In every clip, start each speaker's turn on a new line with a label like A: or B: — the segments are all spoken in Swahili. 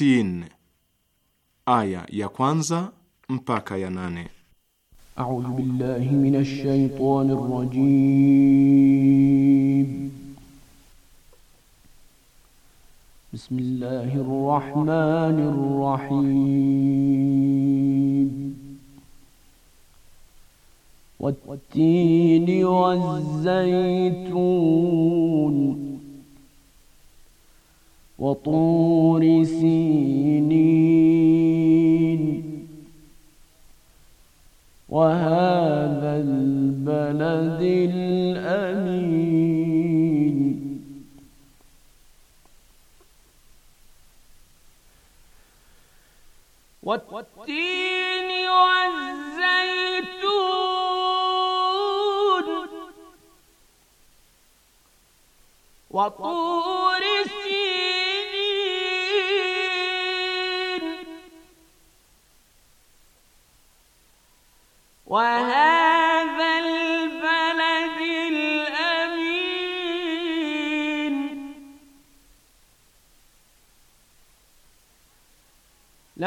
A: sitini aya ya kwanza mpaka ya nane.
B: A'udhu billahi minash shaitani rrajim. Bismillahir rahmanir rahim. Wat-tini waz-zaytun وطور سينين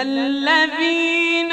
B: إلا الذين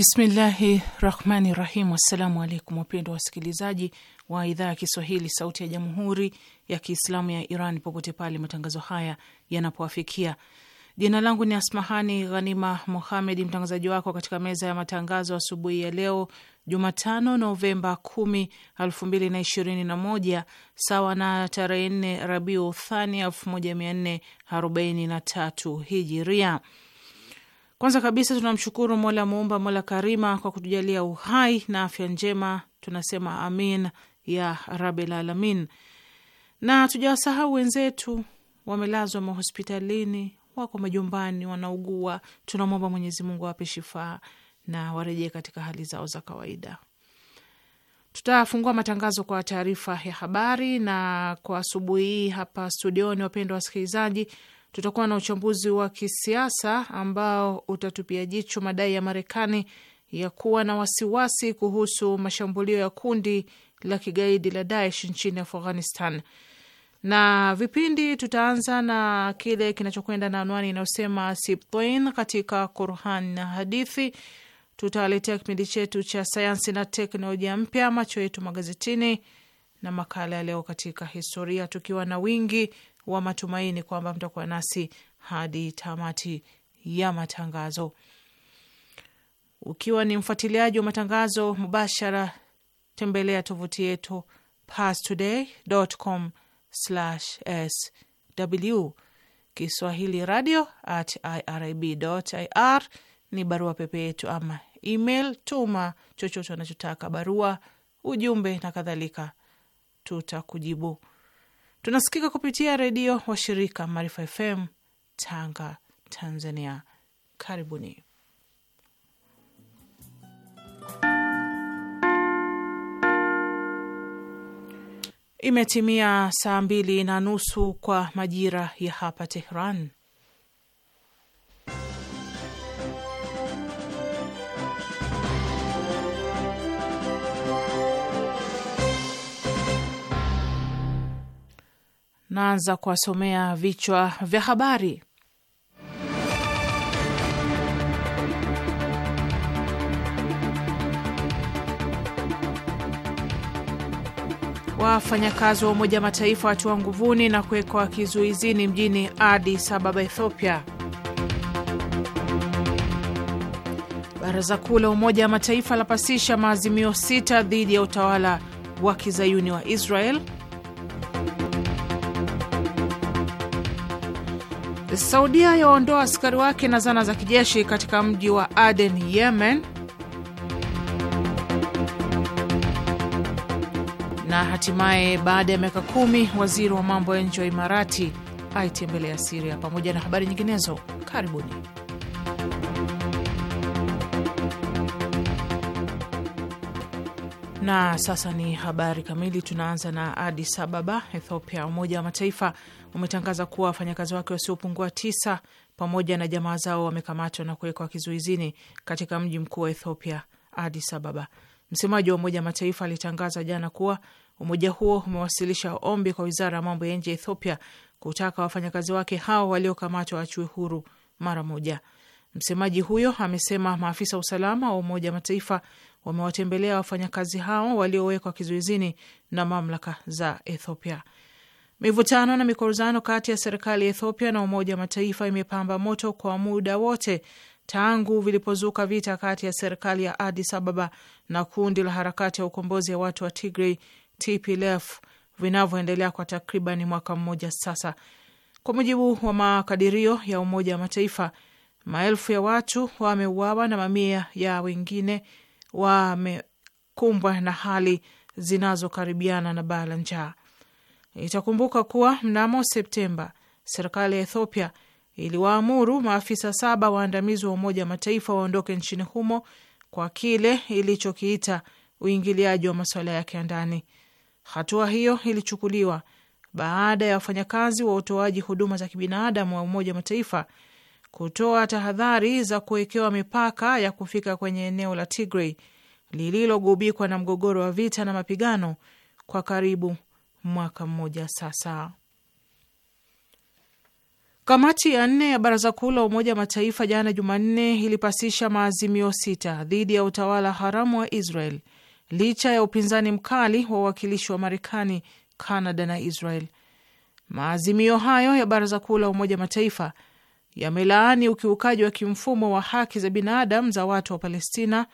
C: Bismillahi rahmani rahim. Assalamu alaikum wapendwa wasikilizaji wa idhaa ya Kiswahili sauti ya jamhuri ya Kiislamu ya Iran popote pale matangazo haya yanapowafikia. Jina langu ni Asmahani Ghanima Muhamed, mtangazaji wako katika meza ya matangazo asubuhi ya leo Jumatano Novemba 10, 2021 sawa na tarehe 4 Rabiu Thani 1443 Hijiria. Kwanza kabisa tunamshukuru Mola Muumba, Mola Karima, kwa kutujalia uhai na afya njema. Tunasema amin ya rabil alamin. Na tujawasahau wenzetu, wamelazwa mahospitalini, wako majumbani, wanaugua. Tunamwomba Mwenyezi Mungu awape shifaa na warejee katika hali zao za kawaida. Tutafungua matangazo kwa taarifa ya habari, na kwa asubuhi hii hapa studioni, wapendwa wasikilizaji tutakuwa na uchambuzi wa kisiasa ambao utatupia jicho madai ya Marekani ya kuwa na wasiwasi kuhusu mashambulio ya kundi la kigaidi la Daesh nchini Afghanistan. Na vipindi tutaanza na kile kinachokwenda na anwani inayosema Sibtain katika Qurani na Hadithi. Tutawaletea kipindi chetu cha sayansi na teknolojia mpya, macho yetu magazetini, na makala ya leo katika historia, tukiwa na wingi wa matumaini kwamba mtakuwa nasi hadi tamati ya matangazo. Ukiwa ni mfuatiliaji wa matangazo mubashara, tembelea tovuti yetu pastoday.com sw Kiswahili radio at irib ir ni barua pepe yetu ama email. Tuma chochote anachotaka barua, ujumbe na kadhalika, tutakujibu. Tunasikika kupitia redio wa shirika Maarifa FM Tanga, Tanzania. Karibuni. Imetimia saa mbili na nusu kwa majira ya hapa Tehran Naanza kuwasomea vichwa vya habari. Wafanyakazi wa Umoja Mataifa watiwa nguvuni na kuwekwa kizuizini mjini Addis Ababa, Ethiopia. Baraza Kuu la Umoja wa Mataifa lapasisha maazimio sita dhidi ya utawala wa kizayuni wa Israel. Saudia yaondoa askari wake na zana za kijeshi katika mji wa Aden, Yemen. Na hatimaye baada ya miaka kumi waziri wa mambo ya nje wa Imarati aitembelea Siria, pamoja na habari nyinginezo. Karibuni. Na sasa ni habari kamili. Tunaanza na Adis Ababa, Ethiopia. Umoja wa Mataifa umetangaza kuwa wafanyakazi wake wasiopungua tisa pamoja na jamaa zao wamekamatwa na kuwekwa kizuizini katika mji mkuu wa Ethiopia, Addis Ababa. Msemaji wa Umoja wa Mataifa alitangaza jana kuwa umoja huo umewasilisha ombi kwa wizara ya mambo ya nje ya Ethiopia kutaka wafanyakazi wake hao waliokamatwa waachue huru mara moja. Msemaji huyo amesema maafisa wa usalama wa Umoja wa Mataifa wamewatembelea wafanyakazi hao waliowekwa kizuizini na mamlaka za Ethiopia. Mivutano na mikorozano kati ya serikali ya Ethiopia na Umoja wa Mataifa imepamba moto kwa muda wote tangu vilipozuka vita kati ya serikali ya Adis Ababa na kundi la harakati ya ukombozi ya watu wa Tigray, TPLF, vinavyoendelea kwa takriban mwaka mmoja sasa. Kwa mujibu wa makadirio ya Umoja wa Mataifa, maelfu ya watu wameuawa na mamia ya wengine wamekumbwa na hali zinazokaribiana na baa la njaa. Itakumbuka kuwa mnamo Septemba serikali ya Ethiopia iliwaamuru maafisa saba waandamizi wa Umoja wa Mataifa waondoke nchini humo kwa kile ilichokiita uingiliaji wa masuala yake ya ndani. Hatua hiyo ilichukuliwa baada ya wafanyakazi wa utoaji huduma za kibinadamu wa Umoja wa Mataifa kutoa tahadhari za kuwekewa mipaka ya kufika kwenye eneo la Tigray lililogubikwa na mgogoro wa vita na mapigano kwa karibu mwaka mmoja sasa. Kamati ya nne ya Baraza Kuu la Umoja wa Mataifa jana Jumanne ilipasisha maazimio sita dhidi ya utawala haramu wa Israel licha ya upinzani mkali wa uwakilishi wa Marekani, Kanada na Israel. Maazimio hayo ya Baraza Kuu la Umoja wa Mataifa yamelaani ukiukaji wa kimfumo wa haki za binadamu za watu wa Palestina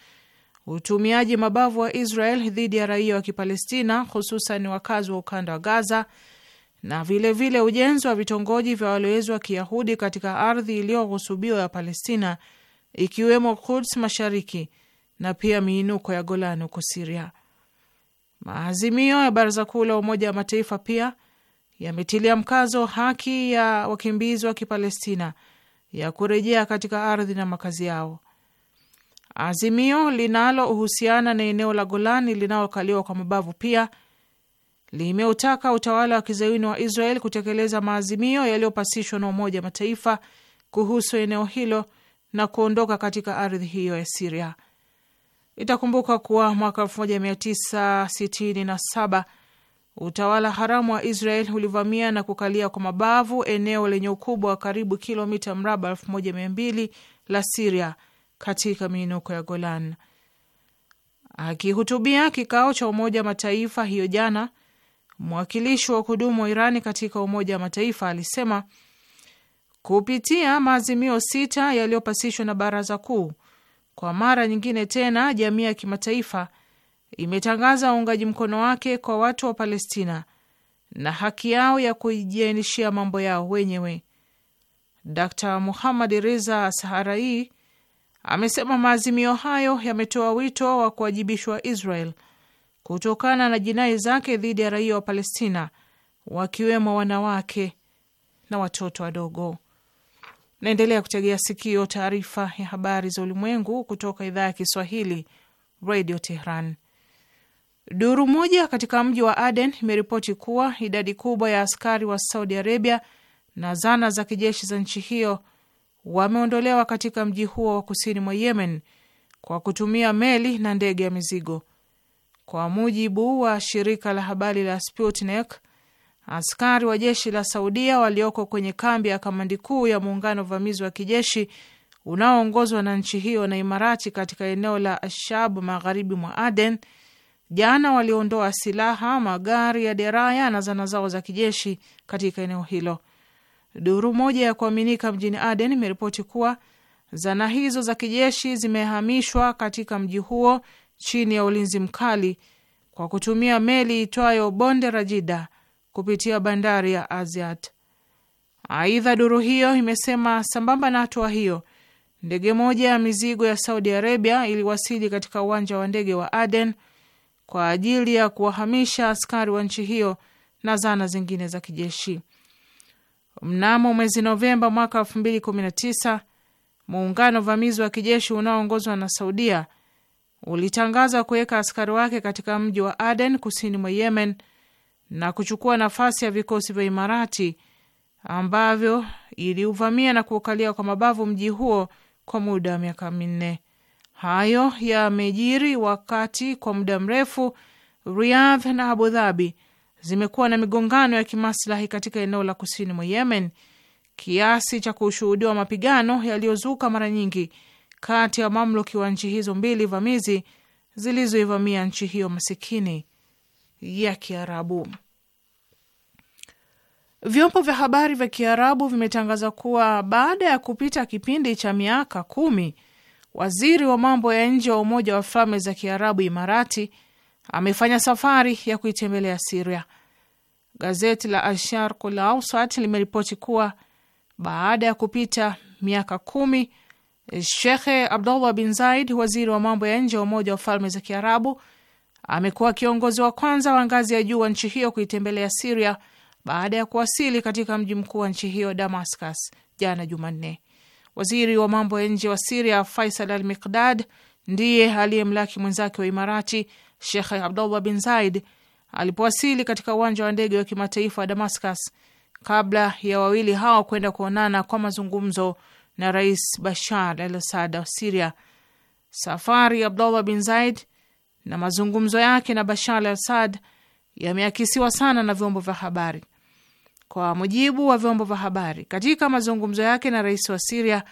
C: utumiaji mabavu wa Israel dhidi ya raia wa Kipalestina, hususan wakazi wa ukanda wa Gaza, na vilevile ujenzi wa vitongoji vya walowezi wa Kiyahudi katika ardhi iliyoghusubiwa ya Palestina, ikiwemo Kuds Mashariki na pia miinuko ya Golan huko Siria. Maazimio ya Baraza Kuu la Umoja wa Mataifa pia yametilia mkazo haki ya wakimbizi wa Kipalestina ya kurejea katika ardhi na makazi yao. Azimio linalohusiana na eneo la Golani linalokaliwa kwa mabavu pia limeutaka utawala wa kizayuni wa Israel kutekeleza maazimio yaliyopasishwa na Umoja wa Mataifa kuhusu eneo hilo na kuondoka katika ardhi hiyo ya Siria. Itakumbuka kuwa mwaka 1967 utawala haramu wa Israel ulivamia na kukalia kwa mabavu eneo lenye ukubwa wa karibu kilomita mraba 1200 la Siria katika miinuko ya Golan. Akihutubia kikao cha Umoja wa Mataifa hiyo jana, mwakilishi wa kudumu wa Irani katika Umoja wa Mataifa alisema kupitia maazimio sita yaliyopasishwa na Baraza Kuu, kwa mara nyingine tena jamii ya kimataifa imetangaza uungaji mkono wake kwa watu wa Palestina na haki yao ya kujiainishia mambo yao wenyewe. Dr Muhammad Reza Saharai, amesema maazimio hayo yametoa wito wa kuwajibishwa Israel kutokana na jinai zake dhidi ya raia wa Palestina, wakiwemo wanawake na watoto wadogo. Naendelea kutegea sikio taarifa ya habari za ulimwengu kutoka idhaa ya Kiswahili, Radio Tehran. Duru moja katika mji wa Aden imeripoti kuwa idadi kubwa ya askari wa Saudi Arabia na zana za kijeshi za nchi hiyo wameondolewa katika mji huo wa kusini mwa Yemen kwa kutumia meli na ndege ya mizigo. Kwa mujibu wa shirika la habari la Sputnik, askari wa jeshi la Saudia walioko kwenye kambi ya kamandi kuu ya muungano uvamizi wa kijeshi unaoongozwa na nchi hiyo na Imarati katika eneo la Ashab magharibi mwa Aden jana waliondoa silaha, magari ya deraya na zana zao za kijeshi katika eneo hilo. Duru moja ya kuaminika mjini Aden imeripoti kuwa zana hizo za kijeshi zimehamishwa katika mji huo chini ya ulinzi mkali kwa kutumia meli itwayo bonde Rajida kupitia bandari ya Aziat. Aidha, duru hiyo imesema sambamba na hatua hiyo, ndege moja ya mizigo ya Saudi Arabia iliwasili katika uwanja wa ndege wa Aden kwa ajili ya kuwahamisha askari wa nchi hiyo na zana zingine za kijeshi. Mnamo mwezi Novemba mwaka tisa muungano vamizi wa kijeshi unaoongozwa na Saudia ulitangaza kuweka askari wake katika mji wa Aden kusini mwa Yemen na kuchukua nafasi ya vikosi vya Imarati ambavyo iliuvamia na kuukalia kwa mabavu mji huo kwa muda wa miaka minne. Hayo yamejiri wakati kwa muda mrefu Riyadh na Abu Dhabi zimekuwa na migongano ya kimaslahi katika eneo la kusini mwa Yemen kiasi cha kushuhudiwa mapigano yaliyozuka mara nyingi kati ya mamluki wa nchi hizo mbili vamizi zilizoivamia nchi hiyo masikini ya Kiarabu. Vyombo vya habari vya Kiarabu vimetangaza kuwa baada ya kupita kipindi cha miaka kumi, waziri wa mambo ya nje wa Umoja wa Falme za Kiarabu Imarati amefanya safari ya kuitembelea Siria. Gazeti la Alsharqul Ausat limeripoti kuwa baada ya kupita miaka kumi, Shekhe Abdullah bin Zaid, waziri wa mambo ya nje wa Umoja wa Falme za Kiarabu, amekuwa kiongozi wa kwanza wa ngazi ya juu wa nchi hiyo kuitembelea Siria baada ya kuwasili katika mji mkuu wa nchi hiyo Damascus jana Jumanne. Waziri wa mambo ya nje wa Siria Faisal Al Miqdad ndiye aliyemlaki mwenzake wa Imarati Shekhe Abdullah bin Zaid alipowasili katika uwanja wa ndege wa kimataifa wa Damascus kabla ya wawili hao kwenda kuonana kwa mazungumzo na Rais Bashar al Assad wa Siria. Safari ya Abdullah bin Zaid na mazungumzo yake na Bashar al Assad yameakisiwa sana na vyombo vya habari. Kwa mujibu wa vyombo vya habari, katika mazungumzo yake na rais wa Siria,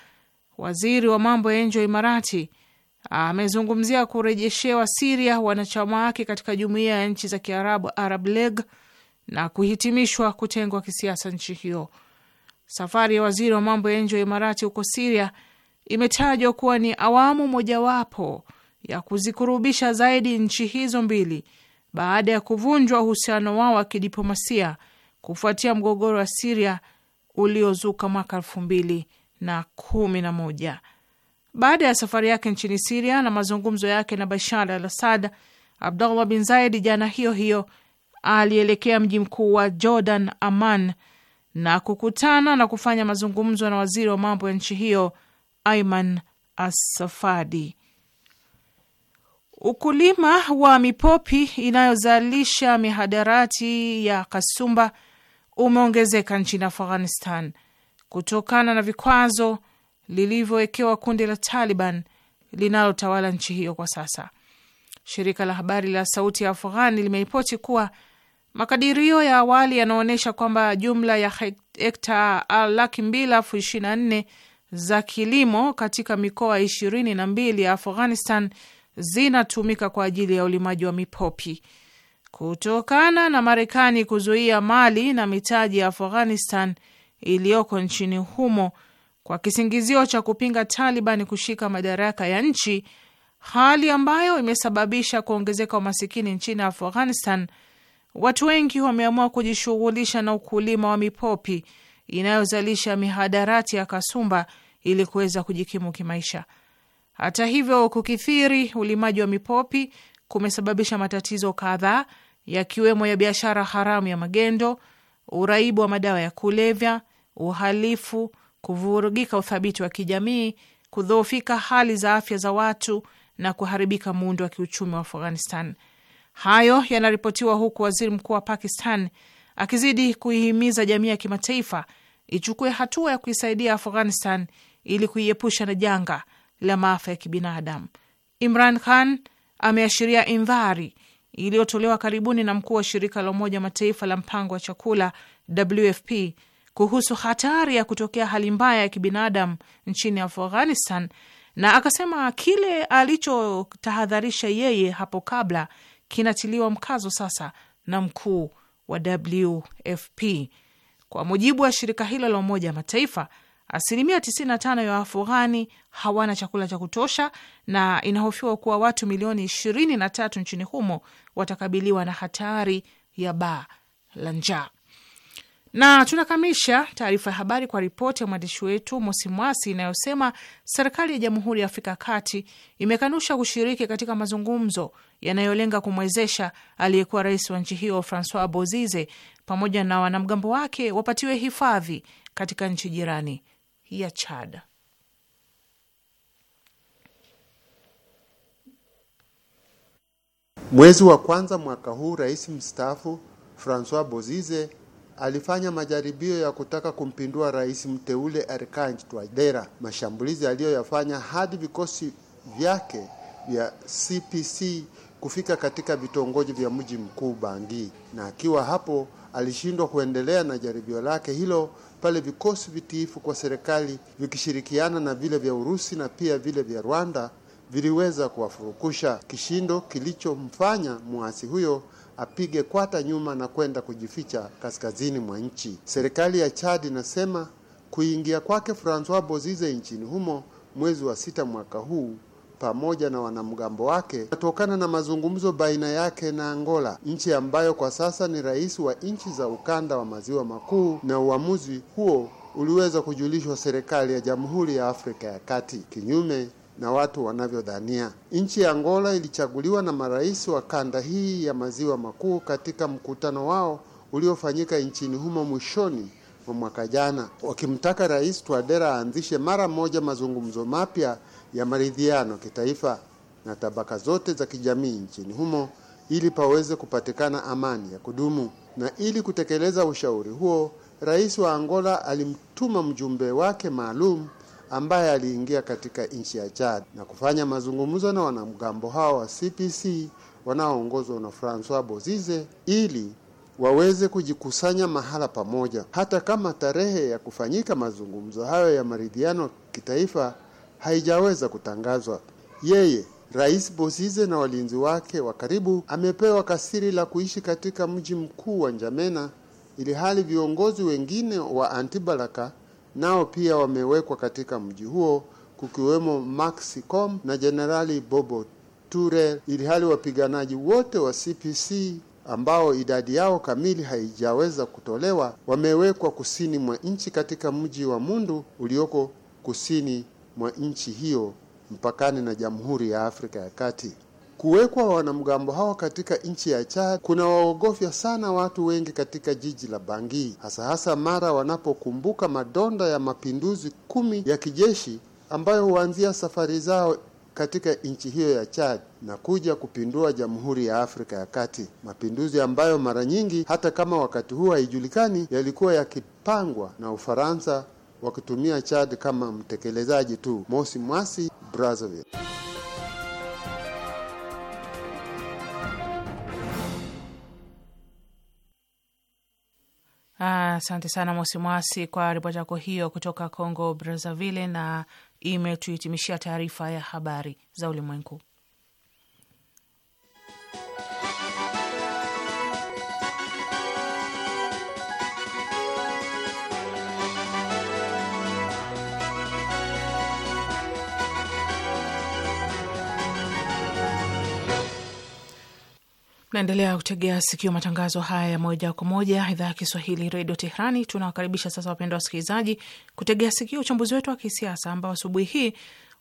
C: waziri wa mambo ya nje wa Imarati amezungumzia kurejeshewa Siria wanachama wake katika jumuiya ya nchi za Kiarabu, Arab League, na kuhitimishwa kutengwa kisiasa nchi hiyo. Safari ya waziri wa mambo ya nje wa Imarati huko Siria imetajwa kuwa ni awamu mojawapo ya kuzikurubisha zaidi nchi hizo mbili baada ya kuvunjwa uhusiano wao wa kidiplomasia kufuatia mgogoro wa Siria uliozuka mwaka elfu mbili na kumi na moja. Baada ya safari yake nchini Siria na mazungumzo yake na Bashar al Assad, Abdullah bin Zaid jana hiyo hiyo alielekea mji mkuu wa Jordan, aman na kukutana na kufanya mazungumzo na waziri wa mambo ya nchi hiyo Aiman Asafadi. Ukulima wa mipopi inayozalisha mihadarati ya kasumba umeongezeka nchini Afghanistan kutokana na vikwazo lilivyowekewa kundi la Taliban linalotawala nchi hiyo kwa sasa. Shirika la habari la Sauti ya afghan limeripoti kuwa makadirio ya awali yanaonyesha kwamba jumla ya hekta laki mbili elfu ishirini na nne za kilimo katika mikoa ishirini na mbili ya Afghanistan zinatumika kwa ajili ya ulimaji wa mipopi. Kutokana na Marekani kuzuia mali na mitaji ya Afghanistan iliyoko nchini humo kwa kisingizio cha kupinga Taliban kushika madaraka ya nchi, hali ambayo imesababisha kuongezeka umasikini nchini Afghanistan. Watu wengi wameamua kujishughulisha na ukulima wa mipopi inayozalisha mihadarati ya kasumba ili kuweza kujikimu kimaisha. Hata hivyo, kukithiri ulimaji wa mipopi kumesababisha matatizo kadhaa yakiwemo ya biashara haramu ya magendo, uraibu wa madawa ya kulevya, uhalifu kuvurugika uthabiti wa kijamii, kudhoofika hali za afya za watu na kuharibika muundo wa kiuchumi wa Afghanistan. Hayo yanaripotiwa huku waziri mkuu wa Pakistan akizidi kuihimiza jamii ya kimataifa ichukue hatua ya kuisaidia Afghanistan ili kuiepusha na janga la maafa ya kibinadamu. Imran Khan ameashiria indhari iliyotolewa karibuni na mkuu wa shirika la Umoja Mataifa la mpango wa chakula WFP kuhusu hatari ya kutokea hali mbaya ya kibinadamu nchini Afghanistan, na akasema kile alichotahadharisha yeye hapo kabla kinatiliwa mkazo sasa na mkuu wa WFP. Kwa mujibu wa shirika hilo la Umoja wa Mataifa, asilimia 95 ya Waafghani hawana chakula cha kutosha na inahofiwa kuwa watu milioni 23 nchini humo watakabiliwa na hatari ya baa la njaa. Na tunakamisha taarifa ya habari kwa ripoti ya mwandishi wetu Mosi Mwasi inayosema serikali ya Jamhuri ya Afrika Kati imekanusha kushiriki katika mazungumzo yanayolenga kumwezesha aliyekuwa rais wa nchi hiyo Francois Bozize pamoja na wanamgambo wake wapatiwe hifadhi katika nchi jirani ya Chad.
D: Mwezi wa kwanza mwaka huu rais mstaafu Francois Bozize alifanya majaribio ya kutaka kumpindua rais mteule Erkane twadera mashambulizi aliyoyafanya hadi vikosi vyake vya CPC kufika katika vitongoji vya mji mkuu bangi na akiwa hapo alishindwa kuendelea na jaribio lake hilo pale vikosi vitiifu kwa serikali vikishirikiana na vile vya Urusi na pia vile vya Rwanda viliweza kuwafurukusha, kishindo kilichomfanya mwasi huyo apige kwata nyuma na kwenda kujificha kaskazini mwa nchi. Serikali ya Chad inasema kuingia kwake Francois Bozize nchini humo mwezi wa sita mwaka huu pamoja na wanamgambo wake natokana na mazungumzo baina yake na Angola, nchi ambayo kwa sasa ni rais wa nchi za ukanda wa maziwa makuu, na uamuzi huo uliweza kujulishwa serikali ya Jamhuri ya Afrika ya Kati kinyume na watu wanavyodhania. Nchi ya Angola ilichaguliwa na marais wa kanda hii ya maziwa makuu katika mkutano wao uliofanyika nchini humo mwishoni mwa mwaka jana, wakimtaka Rais Touadera aanzishe mara moja mazungumzo mapya ya maridhiano kitaifa na tabaka zote za kijamii nchini humo ili paweze kupatikana amani ya kudumu. Na ili kutekeleza ushauri huo, rais wa Angola alimtuma mjumbe wake maalum ambaye aliingia katika nchi ya Chad na kufanya mazungumzo na wanamgambo hao wa CPC wanaoongozwa na Francois Bozize ili waweze kujikusanya mahala pamoja, hata kama tarehe ya kufanyika mazungumzo hayo ya maridhiano kitaifa haijaweza kutangazwa. Yeye Rais Bozize na walinzi wake wa karibu amepewa kasiri la kuishi katika mji mkuu wa Njamena, ili hali viongozi wengine wa Antibalaka nao pia wamewekwa katika mji huo kukiwemo Maxicom na Jenerali Bobo Ture, ili hali wapiganaji wote wa CPC ambao idadi yao kamili haijaweza kutolewa wamewekwa kusini mwa nchi katika mji wa Mundu ulioko kusini mwa nchi hiyo mpakani na Jamhuri ya Afrika ya Kati. Kuwekwa wanamgambo hawa katika nchi ya Chad kunawaogofya sana watu wengi katika jiji la Bangi, hasa hasa mara wanapokumbuka madonda ya mapinduzi kumi ya kijeshi ambayo huanzia safari zao katika nchi hiyo ya Chad na kuja kupindua Jamhuri ya Afrika ya Kati, mapinduzi ambayo mara nyingi hata kama wakati huo haijulikani yalikuwa yakipangwa na Ufaransa wakitumia Chad kama mtekelezaji tu. Mosi Mwasi, Brazzaville.
C: Asante sana Mwasimwasi kwa ripoti yako hiyo kutoka Congo Brazzaville, na imetuhitimishia taarifa ya habari za ulimwengu. Naendelea kutegea sikio matangazo haya ya moja kwa moja, idhaa ya Kiswahili, redio teherani Tunawakaribisha sasa, wapendwa wasikilizaji, kutegea sikio uchambuzi wetu wa kisiasa ambao asubuhi hii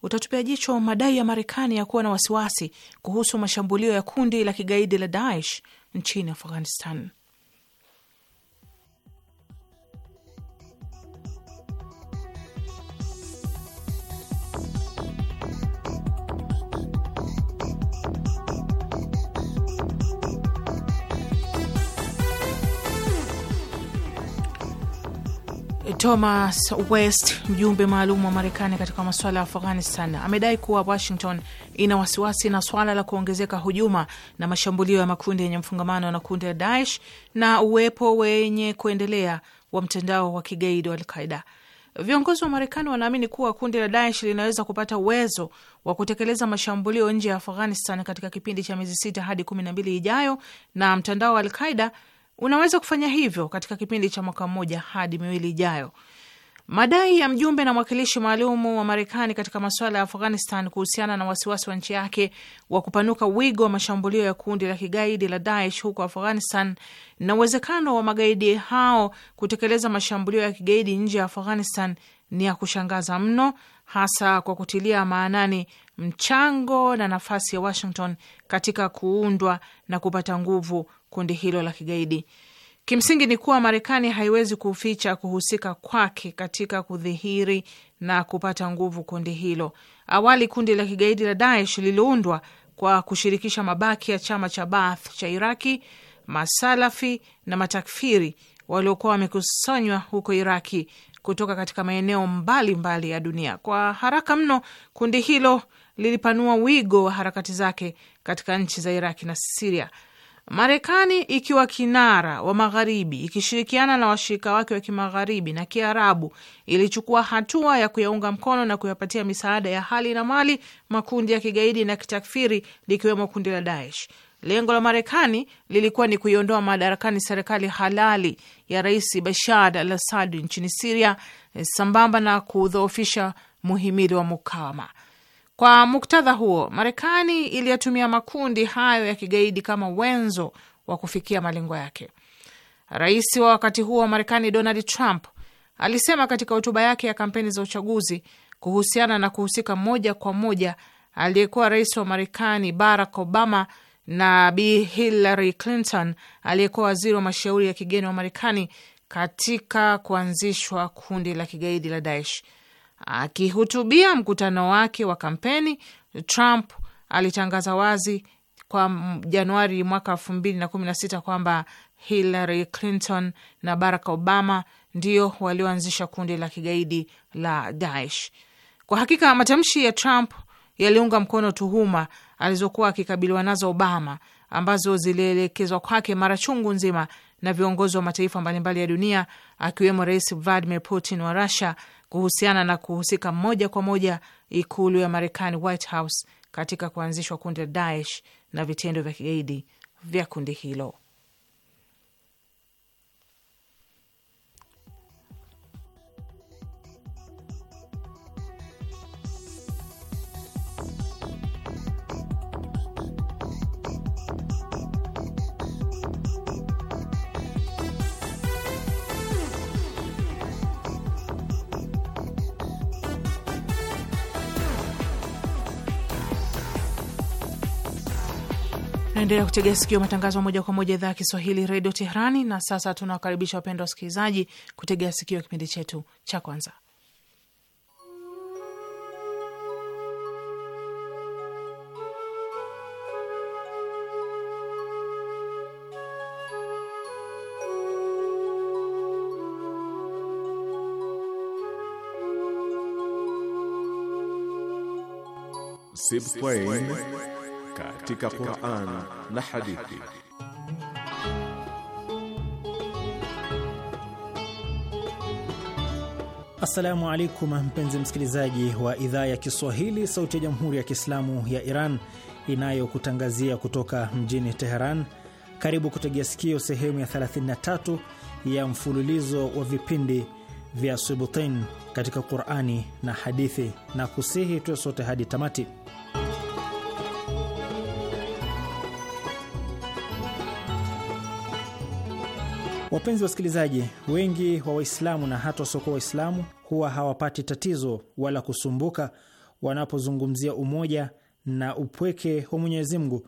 C: utatupia jicho madai ya Marekani ya kuwa na wasiwasi kuhusu mashambulio ya kundi la kigaidi la Daesh nchini Afghanistan. Thomas West, mjumbe maalum wa Marekani katika masuala ya Afghanistan, amedai kuwa Washington ina wasiwasi na swala la kuongezeka hujuma na mashambulio ya makundi yenye mfungamano na kundi la Daesh na uwepo wenye kuendelea wa mtandao wa kigaidi wa Alqaida. Viongozi wa Marekani wanaamini kuwa kundi la Daesh linaweza kupata uwezo wa kutekeleza mashambulio nje ya Afghanistan katika kipindi cha miezi sita hadi kumi na mbili ijayo, na mtandao wa Alqaida Unaweza kufanya hivyo katika kipindi cha mwaka mmoja hadi miwili ijayo. Madai ya mjumbe na mwakilishi maalumu wa Marekani katika masuala ya Afghanistan kuhusiana na wasiwasi wa nchi yake wa kupanuka wigo wa mashambulio ya kundi la kigaidi la Daesh huko Afghanistan na uwezekano wa magaidi hao kutekeleza mashambulio ya kigaidi nje ya Afghanistan ni ya kushangaza mno, hasa kwa kutilia maanani mchango na nafasi ya Washington katika kuundwa na kupata nguvu kundi hilo la kigaidi. Kimsingi ni kuwa Marekani haiwezi kuficha kuhusika kwake katika kudhihiri na kupata nguvu kundi hilo. Awali kundi la kigaidi la Daesh liliundwa kwa kushirikisha mabaki ya chama cha Baath cha Iraki, masalafi na matakfiri waliokuwa wamekusanywa huko Iraki kutoka katika maeneo mbalimbali mbali ya dunia. Kwa haraka mno, kundi hilo lilipanua wigo wa harakati zake katika nchi za Iraki na Siria. Marekani ikiwa kinara wa Magharibi ikishirikiana na washirika wake wa kimagharibi na Kiarabu ilichukua hatua ya kuyaunga mkono na kuyapatia misaada ya hali na mali makundi ya kigaidi na kitakfiri likiwemo kundi la Daesh. Lengo la Marekani lilikuwa ni kuiondoa madarakani serikali halali ya Rais Bashar al Assad nchini Siria, sambamba na kudhoofisha muhimili wa mukawama. Kwa muktadha huo, Marekani iliyatumia makundi hayo ya kigaidi kama wenzo wa kufikia malengo yake. Rais wa wakati huo wa Marekani Donald Trump alisema katika hotuba yake ya kampeni za uchaguzi kuhusiana na kuhusika moja kwa moja aliyekuwa rais wa Marekani Barack Obama na Bi Hillary Clinton aliyekuwa waziri wa mashauri ya kigeni wa Marekani katika kuanzishwa kundi la kigaidi la Daesh. Akihutubia mkutano wake wa kampeni, Trump alitangaza wazi kwa Januari mwaka elfu mbili na kumi na sita kwamba Hillary Clinton na Barack Obama ndio walioanzisha kundi la kigaidi la Daesh. Kwa hakika matamshi ya Trump yaliunga mkono tuhuma alizokuwa akikabiliwa nazo Obama ambazo zilielekezwa kwake mara chungu nzima na viongozi wa mataifa mbalimbali ya dunia akiwemo Rais Vladimir Putin wa Russia kuhusiana na kuhusika moja kwa moja ikulu ya Marekani, White House, katika kuanzishwa kundi la Daesh na vitendo vya kigaidi vya kundi hilo. Naendelea kutegea sikio matangazo moja kwa moja idhaa ya Kiswahili redio Teherani. Na sasa tunawakaribisha wapendwa wasikilizaji kutegea sikio kipindi chetu cha kwanza,
E: katika Qur'an na hadithi.
F: Assalamu alaikum, mpenzi msikilizaji wa idhaa ya Kiswahili sauti ya Jamhuri ya Kiislamu ya Iran inayokutangazia kutoka mjini Teheran. Karibu kutegea sikio sehemu ya 33 ya mfululizo wa vipindi vya Subutain katika Qur'ani na hadithi, na kusihi tuwe sote hadi tamati. Wapenzi wasikilizaji, wengi wa Waislamu na hata wasiokuwa Waislamu huwa hawapati tatizo wala kusumbuka wanapozungumzia umoja na upweke wa Mwenyezi Mungu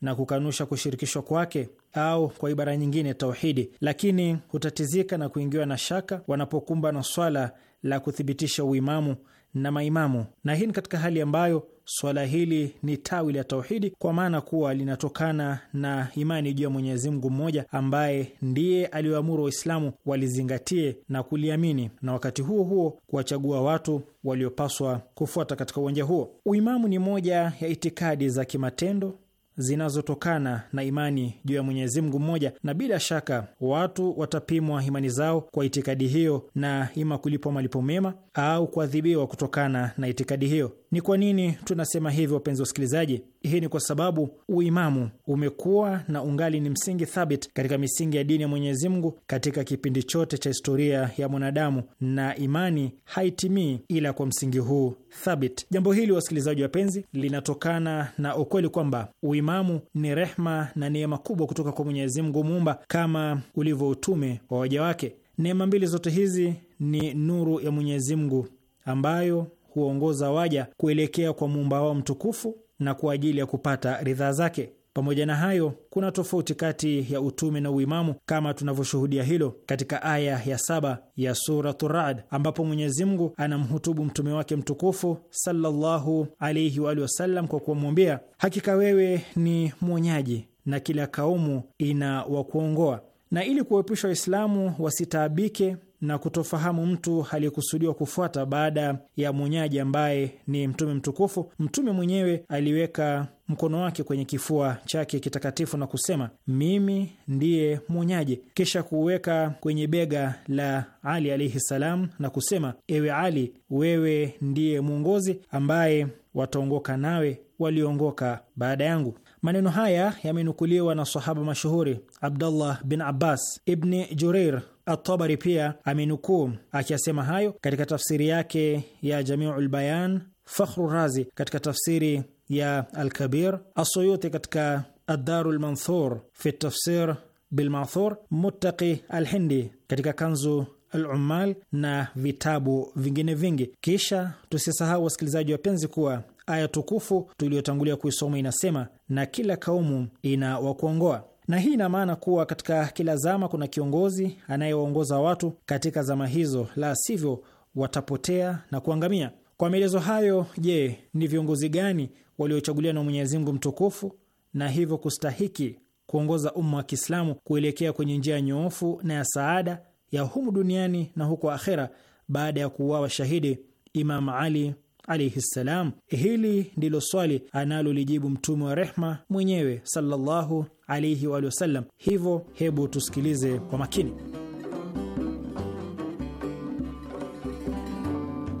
F: na kukanusha kushirikishwa kwake au kwa ibara nyingine tauhidi, lakini hutatizika na kuingiwa na shaka wanapokumba na swala la kuthibitisha uimamu na maimamu, na hii ni katika hali ambayo swala hili ni tawi la tauhidi, kwa maana kuwa linatokana na imani juu ya Mwenyezi Mungu mmoja ambaye ndiye aliyoamuru Waislamu walizingatie na kuliamini, na wakati huo huo kuwachagua watu waliopaswa kufuata katika uwanja huo. Uimamu ni moja ya itikadi za kimatendo zinazotokana na imani juu ya Mwenyezi Mungu mmoja, na bila shaka watu watapimwa imani zao kwa itikadi hiyo na ima kulipwa malipo mema au kuadhibiwa kutokana na itikadi hiyo. Ni kwa nini tunasema hivyo, wapenzi wa usikilizaji? Hii ni kwa sababu uimamu umekuwa na ungali ni msingi thabit katika misingi ya dini ya Mwenyezi Mungu katika kipindi chote cha historia ya mwanadamu, na imani haitimii ila kwa msingi huu thabit. Jambo hili, wasikilizaji wapenzi, linatokana na ukweli kwamba uimamu ni rehma na neema kubwa kutoka kwa Mwenyezi Mungu muumba kama ulivyo utume wa waja wake. Neema mbili zote hizi ni nuru ya Mwenyezi Mungu ambayo huwaongoza waja kuelekea kwa muumba wao mtukufu na kwa ajili ya kupata ridhaa zake. Pamoja na hayo, kuna tofauti kati ya utume na uimamu kama tunavyoshuhudia hilo katika aya ya saba ya Suratu ambapo Mwenyezi Mungu anamhutubu mtume wake mtukufu sallallahu alaihi waalihi wasallam kwa kumwambia, hakika wewe ni mwonyaji na kila kaumu ina wakuongoa. Na ili kuwaepusha Waislamu wasitaabike na kutofahamu mtu aliyekusudiwa kufuata baada ya mwonyaji ambaye ni mtume mtukufu, mtume mwenyewe aliweka mkono wake kwenye kifua chake kitakatifu na kusema, mimi ndiye mwonyaji, kisha kuweka kwenye bega la Ali alaihi salam na kusema, ewe Ali, wewe ndiye mwongozi ambaye wataongoka nawe walioongoka baada yangu. Maneno haya yamenukuliwa na sahaba mashuhuri Abdullah bin Abbas, Ibni Jureir atabari pia amenukuu akiyasema hayo katika tafsiri yake ya jamiu lbayan Fakhru Razi katika tafsiri ya alkabir Asuyuti katika Adaru lmanthur fi tafsir bilmathur, Muttaqi alhindi katika Kanzu alumal na vitabu vingine vingi. Kisha tusisahau wasikilizaji wapenzi, kuwa aya tukufu tuliyotangulia kuisoma inasema, na kila kaumu ina wakuongoa na hii ina maana kuwa katika kila zama kuna kiongozi anayewaongoza watu katika zama hizo, la sivyo watapotea na kuangamia. Kwa maelezo hayo, je, ni viongozi gani waliochaguliwa na Mwenyezi Mungu mtukufu na hivyo kustahiki kuongoza umma wa Kiislamu kuelekea kwenye njia nyoofu na ya saada ya humu duniani na huko akhera baada ya kuuawa shahidi Imam Ali alaihi ssalam. Hili ndilo swali analolijibu mtume wa rehma mwenyewe sallallahu alaihi waalihi wasallam. Hivyo hebu tusikilize kwa makini.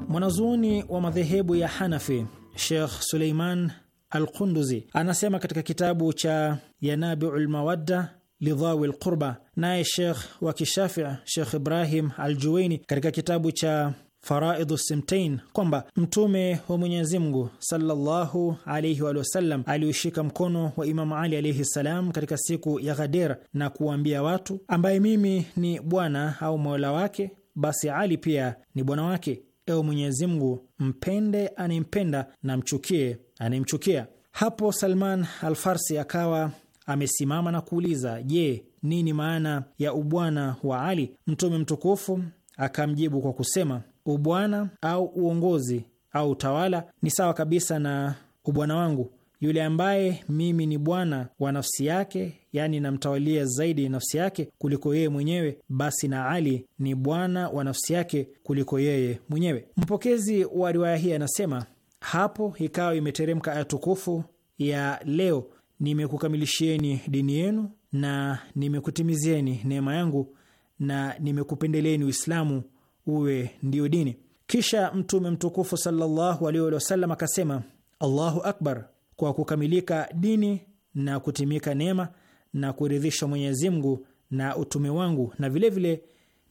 F: Mwanazuoni wa madhehebu ya Hanafi Sheikh Suleiman Alqunduzi anasema katika kitabu cha Yanabiu lmawadda lidhawi lqurba. Naye Shekh wa Kishafii Shekh Ibrahim Aljuwaini katika kitabu cha Faraidhu Simtain kwamba Mtume wa Mwenyezi Mungu sallallahu alaihi wa sallam aliushika mkono wa Imamu Ali alaihi salam katika siku ya Ghadir na kuwaambia watu, ambaye mimi ni bwana au mola wake, basi Ali pia ni bwana wake. Ewe Mwenyezi Mungu, mpende anayempenda na mchukie anayemchukia. Hapo Salman Alfarsi akawa amesimama na kuuliza, je, nini maana ya ubwana wa Ali? Mtume mtukufu akamjibu kwa kusema ubwana au uongozi au utawala ni sawa kabisa na ubwana wangu. Yule ambaye mimi ni bwana wa nafsi yake, yaani namtawalia zaidi nafsi yake kuliko yeye mwenyewe, basi na Ali ni bwana wa nafsi yake kuliko yeye mwenyewe. Mpokezi wa riwaya hii anasema, hapo ikawa imeteremka aya tukufu ya leo, nimekukamilishieni dini yenu na nimekutimizieni neema yangu na nimekupendeleeni Uislamu uwe ndio dini. Kisha Mtume mtukufu sallallahu alaihi wasallam akasema, Allahu akbar, kwa kukamilika dini na kutimika neema na kuridhishwa Mwenyezi Mungu na utume wangu na vilevile vile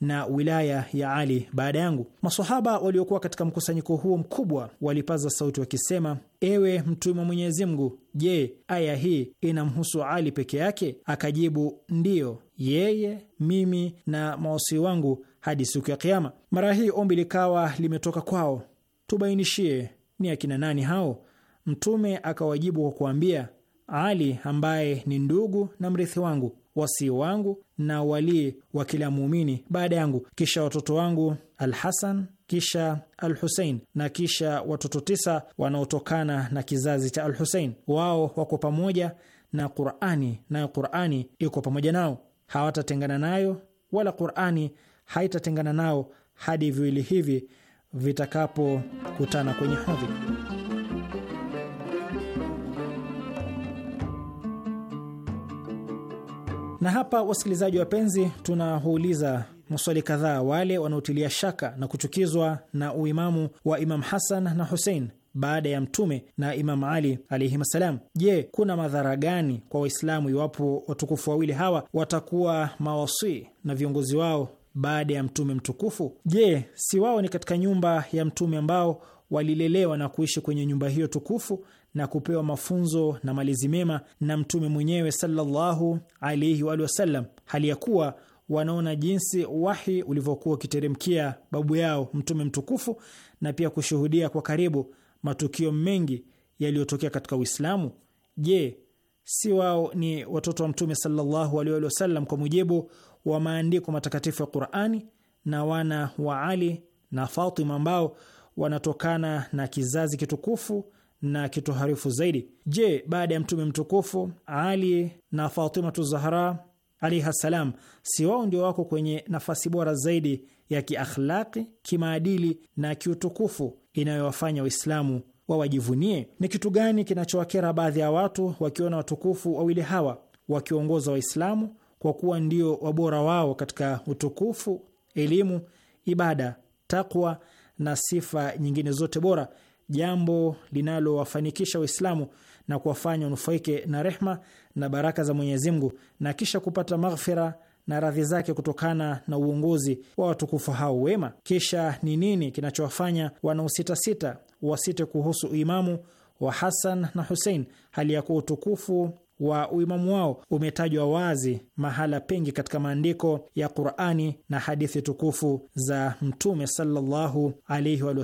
F: na wilaya ya Ali baada yangu. Masahaba waliokuwa katika mkusanyiko huo mkubwa walipaza sauti wakisema, ewe mtume wa Mwenyezi Mungu, je, aya hii inamhusu Ali peke yake? Akajibu, ndiyo, yeye, mimi na mawasii wangu hadi siku ya Kiama. Mara hii ombi likawa limetoka kwao, tubainishie ni akina nani hao? Mtume akawajibu kwa kuambia, Ali ambaye ni ndugu na mrithi wangu, wasii wangu na walii wa kila muumini baada yangu, kisha watoto wangu Alhasan, kisha Al Husein na kisha watoto tisa wanaotokana na kizazi cha Al Husein. Wao wako pamoja na Qurani, nayo Qurani iko pamoja nao, hawatatengana nayo, wala Qurani haitatengana nao hadi viwili hivi vitakapokutana kwenye hodhi. Na hapa, wasikilizaji wapenzi, tunahuuliza maswali kadhaa wale wanaotilia shaka na kuchukizwa na uimamu wa Imam Hasan na Husein baada ya Mtume na Imam Ali alaihim assalam Je, kuna madhara gani kwa Waislamu iwapo watukufu wawili hawa watakuwa mawasii na viongozi wao baada ya mtume mtukufu? Je, si wao ni katika nyumba ya mtume ambao walilelewa na kuishi kwenye nyumba hiyo tukufu na kupewa mafunzo na malezi mema na mtume mwenyewe sallallahu alaihi wa sallam, hali ya kuwa wanaona jinsi wahi ulivyokuwa ukiteremkia babu yao mtume mtukufu, na pia kushuhudia kwa karibu matukio mengi yaliyotokea katika Uislamu. Je, si wao ni watoto wa mtume sallallahu alaihi wa sallam kwa mujibu wa maandiko matakatifu ya Qurani na wana wa Ali na Fatima ambao wanatokana na kizazi kitukufu na kitoharifu zaidi. Je, baada ya mtume mtukufu Ali na Fatimatu Zahra alaihi salam, si wao ndio wako kwenye nafasi bora zaidi ya kiakhlaqi, kimaadili na kiutukufu inayowafanya Waislamu wawajivunie? Ni kitu gani kinachowakera baadhi ya watu wakiona watukufu wawili hawa wakiongoza Waislamu kwa kuwa ndio wabora wao katika utukufu, elimu, ibada, takwa na sifa nyingine zote bora, jambo linalowafanikisha Waislamu na kuwafanya wanufaike na rehma na baraka za Mwenyezi Mungu na kisha kupata maghfira na radhi zake kutokana na uongozi wa watukufu hao wema. Kisha ni nini kinachowafanya wanaositasita wasite kuhusu imamu wa Hasan na Husein, hali ya kuwa utukufu wa uimamu wao umetajwa wazi mahala pengi katika maandiko ya Qurani na hadithi tukufu za Mtume sallallahu alaihi wa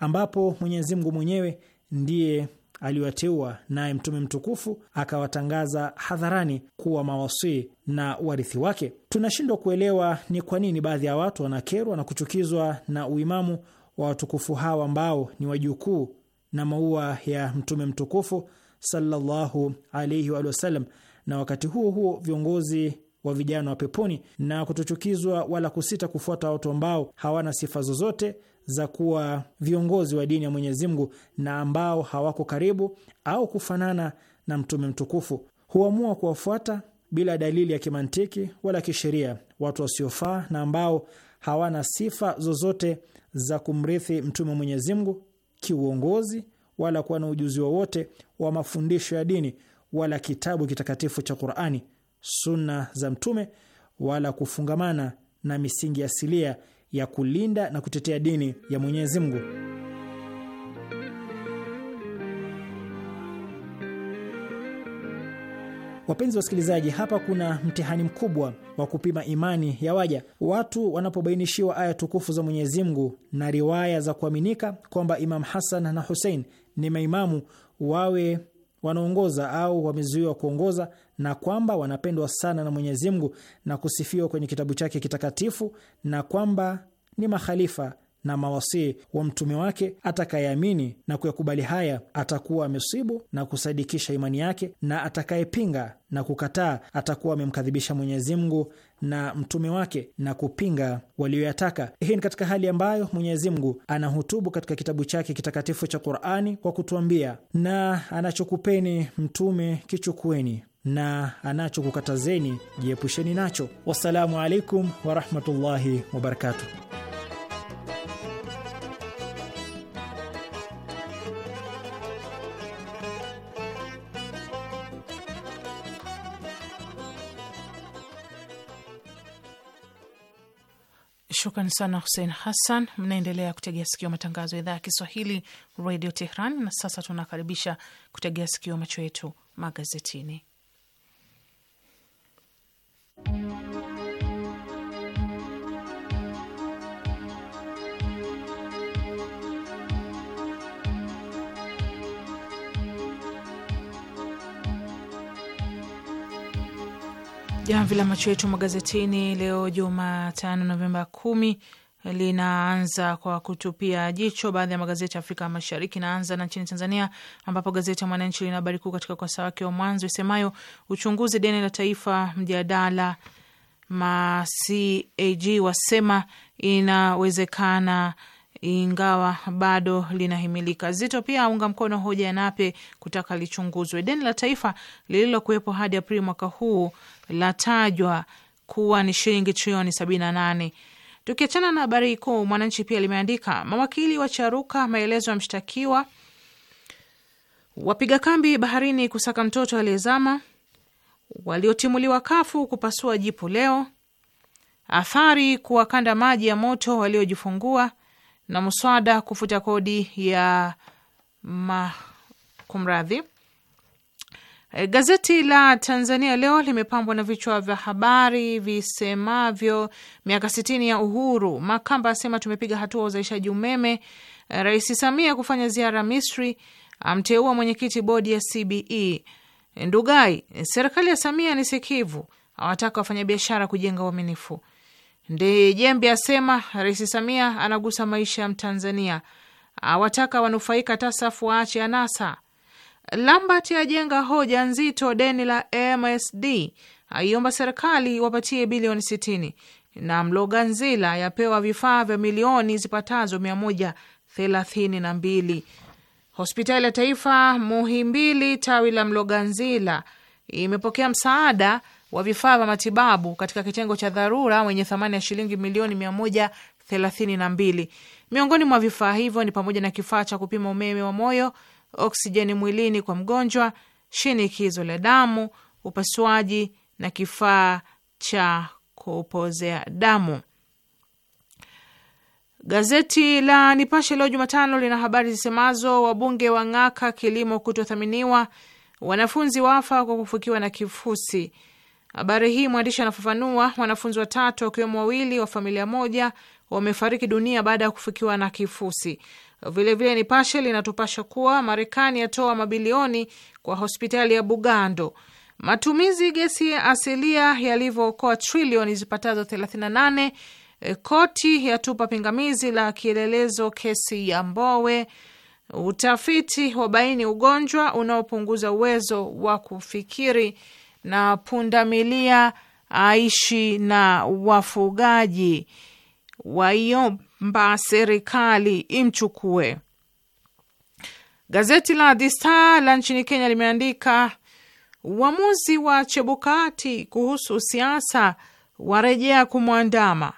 F: ambapo Mwenyezi Mungu mwenyewe ndiye aliwateua naye mtume mtukufu akawatangaza hadharani kuwa mawasii na warithi wake. Tunashindwa kuelewa ni kwa nini baadhi ya watu wanakerwa na kuchukizwa na uimamu wa watukufu hawa ambao ni wajukuu na maua ya mtume mtukufu sallallahu alaihi wa sallam, na wakati huo huo viongozi wa vijana wa peponi na kutochukizwa wala kusita kufuata watu ambao hawana sifa zozote za kuwa viongozi wa dini ya Mwenyezi Mungu na ambao hawako karibu au kufanana na mtume mtukufu. Huamua kuwafuata bila dalili ya kimantiki wala kisheria watu wasiofaa na ambao hawana sifa zozote za kumrithi mtume wa Mwenyezi Mungu kiuongozi wala kuwa na ujuzi wowote wa, wa mafundisho ya dini wala kitabu kitakatifu cha Qur'ani, sunna za Mtume, wala kufungamana na misingi asilia ya kulinda na kutetea dini ya Mwenyezi Mungu. Wapenzi wasikilizaji, hapa kuna mtihani mkubwa wa kupima imani ya waja. Watu wanapobainishiwa aya tukufu za Mwenyezi Mungu na riwaya za kuaminika kwamba Imam Hasan na Husein ni maimamu wawe wanaongoza au wamezuiwa kuongoza, na kwamba wanapendwa sana na Mwenyezi Mungu na kusifiwa kwenye kitabu chake kitakatifu, na kwamba ni mahalifa na mawasii wa mtume wake, atakayeamini na kuyakubali haya atakuwa amesibu na kusadikisha imani yake, na atakayepinga na kukataa atakuwa amemkadhibisha Mwenyezi Mungu na mtume wake na kupinga walioyataka. Hii ni katika hali ambayo Mwenyezi Mungu anahutubu katika kitabu chake kitakatifu cha Qur'ani kwa kutuambia, na anachokupeni mtume kichukueni na anachokukatazeni jiepusheni nacho. Wassalamu alaikum warahmatullahi wabarakatuh.
C: Shukran sana Hussein Hassan. Mnaendelea kutegea sikio matangazo ya idhaa ya Kiswahili redio Tehran, na sasa tunakaribisha kutegea sikio macho yetu magazetini. Jamvi la macho yetu magazetini leo Jumatano Novemba kumi linaanza kwa kutupia jicho baadhi ya magazeti ya Afrika Mashariki. Naanza na nchini Tanzania, ambapo gazeti ya Mwananchi lina habari kuu katika ukurasa wake wa mwanzo isemayo uchunguzi deni la taifa mjadala, ma CAG wasema inawezekana ingawa bado linahimilika. Zito pia aunga mkono hoja ya Nape kutaka lichunguzwe. Deni la taifa lililokuwepo hadi Aprili mwaka huu latajwa kuwa ni shilingi trilioni sabini na nane. Tukiachana na habari kuu, Mwananchi pia limeandika mawakili wacharuka maelezo ya mshtakiwa, wapiga kambi baharini kusaka mtoto aliyezama, waliotimuliwa kafu kupasua jipu leo, athari kuwakanda maji ya moto waliojifungua na mswada kufuta kodi ya ma, kumradhi. Eh, gazeti la Tanzania Leo limepambwa na vichwa vya habari visemavyo: miaka sitini ya uhuru, Makamba asema tumepiga hatua ya uzalishaji umeme, eh, Rais Samia kufanya ziara Misri, amteua mwenyekiti bodi ya CBE, eh, Ndugai serikali ya Samia ni sikivu, awataka wafanyabiashara kujenga uaminifu Jembe asema Rais Samia anagusa maisha ya Mtanzania, awataka wanufaika tasafu waache anasa. Lambert ajenga hoja nzito deni la MSD, aiomba serikali wapatie bilioni sitini na Mloganzila yapewa vifaa vya milioni zipatazo mbili. Hospitali ya Taifa Muhimbili tawi la Mloganzila imepokea msaada wa vifaa vya matibabu katika kitengo cha dharura wenye thamani ya shilingi milioni mia moja thelathini na mbili. Miongoni mwa vifaa hivyo ni pamoja na kifaa cha kupima umeme wa moyo, oksijeni mwilini kwa mgonjwa, shinikizo la damu, upasuaji na kifaa cha kupozea damu. Gazeti la Nipashe leo Jumatano lina habari zisemazo: wabunge wang'aka kilimo kutothaminiwa, wanafunzi wafa kwa kufukiwa na kifusi Habari hii mwandishi anafafanua, wanafunzi watatu wakiwemo wawili wa familia moja wamefariki dunia baada ya kufikiwa na kifusi. Vilevile Nipashe linatupasha kuwa Marekani yatoa mabilioni kwa hospitali ya Bugando. Matumizi gesi asilia yalivyookoa trilioni zipatazo 38. Eh, koti yatupa pingamizi la kielelezo kesi ya Mbowe. Utafiti wabaini ugonjwa unaopunguza uwezo wa kufikiri na pundamilia aishi na wafugaji, waiomba serikali imchukue. Gazeti la The Star la nchini Kenya limeandika uamuzi wa Chebukati kuhusu siasa warejea kumwandama.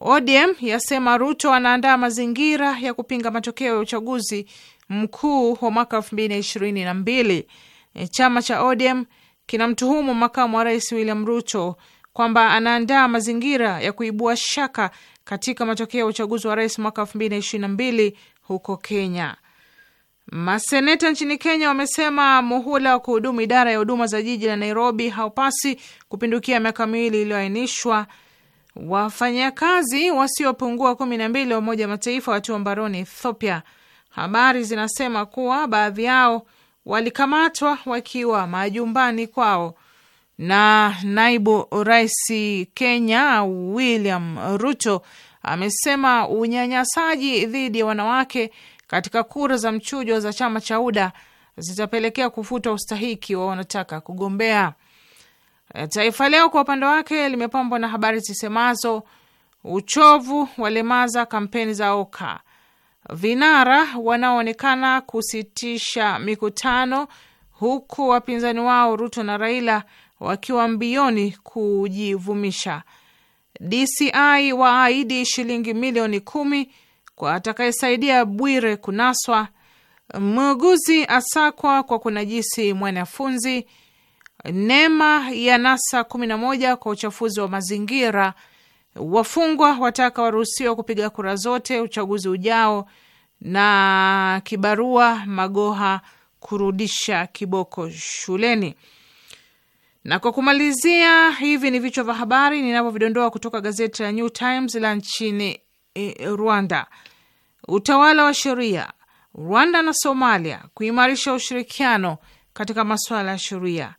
C: ODM yasema Ruto anaandaa mazingira ya kupinga matokeo ya uchaguzi mkuu wa mwaka elfu mbili na ishirini na mbili. Chama cha ODM kinamtuhumu makamu wa rais William Ruto kwamba anaandaa mazingira ya kuibua shaka katika matokeo ya uchaguzi wa rais mwaka 2022 huko Kenya. Maseneta nchini Kenya wamesema muhula wa kuhudumu idara ya huduma za jiji la Nairobi haupasi kupindukia miaka miwili iliyoainishwa. Wafanyakazi wasiopungua kumi na mbili wa Umoja Mataifa watiwa mbaroni Ethiopia. Habari zinasema kuwa baadhi yao walikamatwa wakiwa majumbani kwao na naibu rais Kenya William Ruto amesema unyanyasaji dhidi ya wanawake katika kura za mchujo za chama cha UDA zitapelekea kufuta ustahiki wa wanataka kugombea. Taifa Leo kwa upande wake limepambwa na habari zisemazo uchovu walemaza kampeni za Oka, Vinara wanaoonekana kusitisha mikutano huku wapinzani wao Ruto na Raila wakiwa mbioni kujivumisha. DCI waahidi shilingi milioni kumi kwa atakayesaidia Bwire kunaswa. Muuguzi asakwa kwa kunajisi mwanafunzi. Nema ya nasa 11 kwa uchafuzi wa mazingira Wafungwa wataka waruhusiwa kupiga kura zote uchaguzi ujao, na kibarua Magoha kurudisha kiboko shuleni. Na kwa kumalizia, hivi ni vichwa vya habari ninavyovidondoa kutoka gazeti la New Times la nchini e, Rwanda. Utawala wa sheria Rwanda na Somalia kuimarisha ushirikiano katika masuala ya sheria.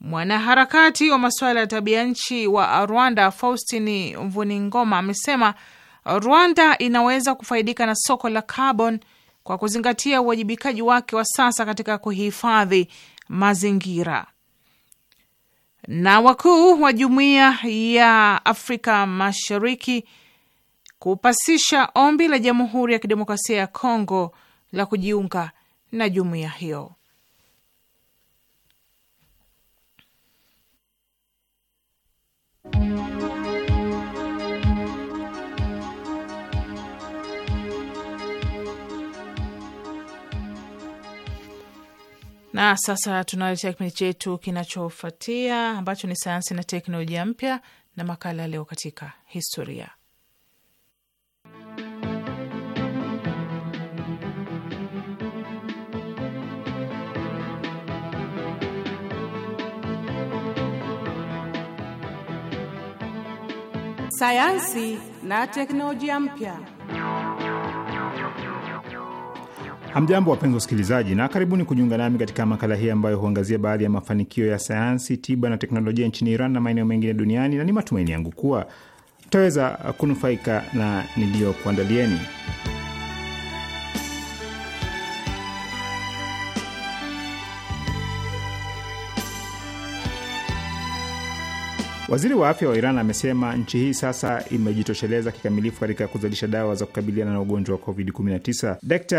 C: Mwanaharakati wa masuala ya tabia nchi wa Rwanda, Faustini vuningoma amesema Rwanda inaweza kufaidika na soko la carbon kwa kuzingatia uwajibikaji wake wa sasa katika kuhifadhi mazingira. Na wakuu wa Jumuiya ya Afrika Mashariki kupasisha ombi la Jamhuri ya Kidemokrasia ya Kongo la kujiunga na jumuiya hiyo. Na sasa tunaletea kipindi chetu kinachofuatia ambacho ni sayansi na teknolojia mpya na makala yaleo leo katika historia. Sayansi na teknolojia mpya.
A: Hamjambo, wapenzi wasikilizaji, na karibuni kujiunga nami katika makala hii ambayo huangazia baadhi ya mafanikio ya sayansi, tiba na teknolojia nchini Iran na maeneo mengine duniani, na ni matumaini yangu kuwa mtaweza kunufaika na niliyokuandalieni. Waziri wa afya wa Iran amesema nchi hii sasa imejitosheleza kikamilifu katika kuzalisha dawa za kukabiliana na ugonjwa wa COVID-19. Dkt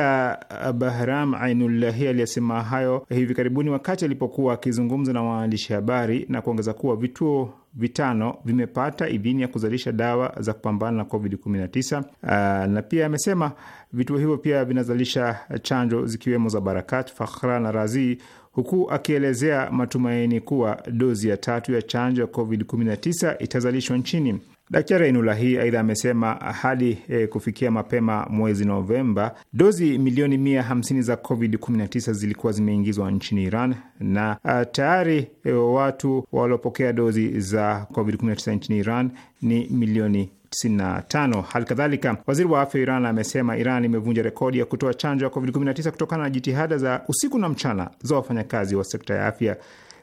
A: Bahram Ainullahi aliyesema hayo hivi karibuni wakati alipokuwa akizungumza na waandishi habari na kuongeza kuwa vituo vitano vimepata idhini ya kuzalisha dawa za kupambana na COVID-19. Ah, na pia amesema vituo hivyo pia vinazalisha chanjo zikiwemo za Barakat, Fakhra na Razi huku akielezea matumaini kuwa dozi ya tatu ya chanjo ya COVID-19 itazalishwa nchini. Daktari ainula hii aidha amesema hadi e, kufikia mapema mwezi Novemba, dozi milioni mia hamsini za COVID-19 zilikuwa zimeingizwa nchini Iran na a, tayari e, watu waliopokea dozi za COVID-19 nchini Iran ni milioni 95. Hali kadhalika waziri wa afya wa Iran amesema Iran imevunja rekodi ya kutoa chanjo ya COVID-19 kutokana na jitihada za usiku na mchana za wafanyakazi wa sekta ya afya.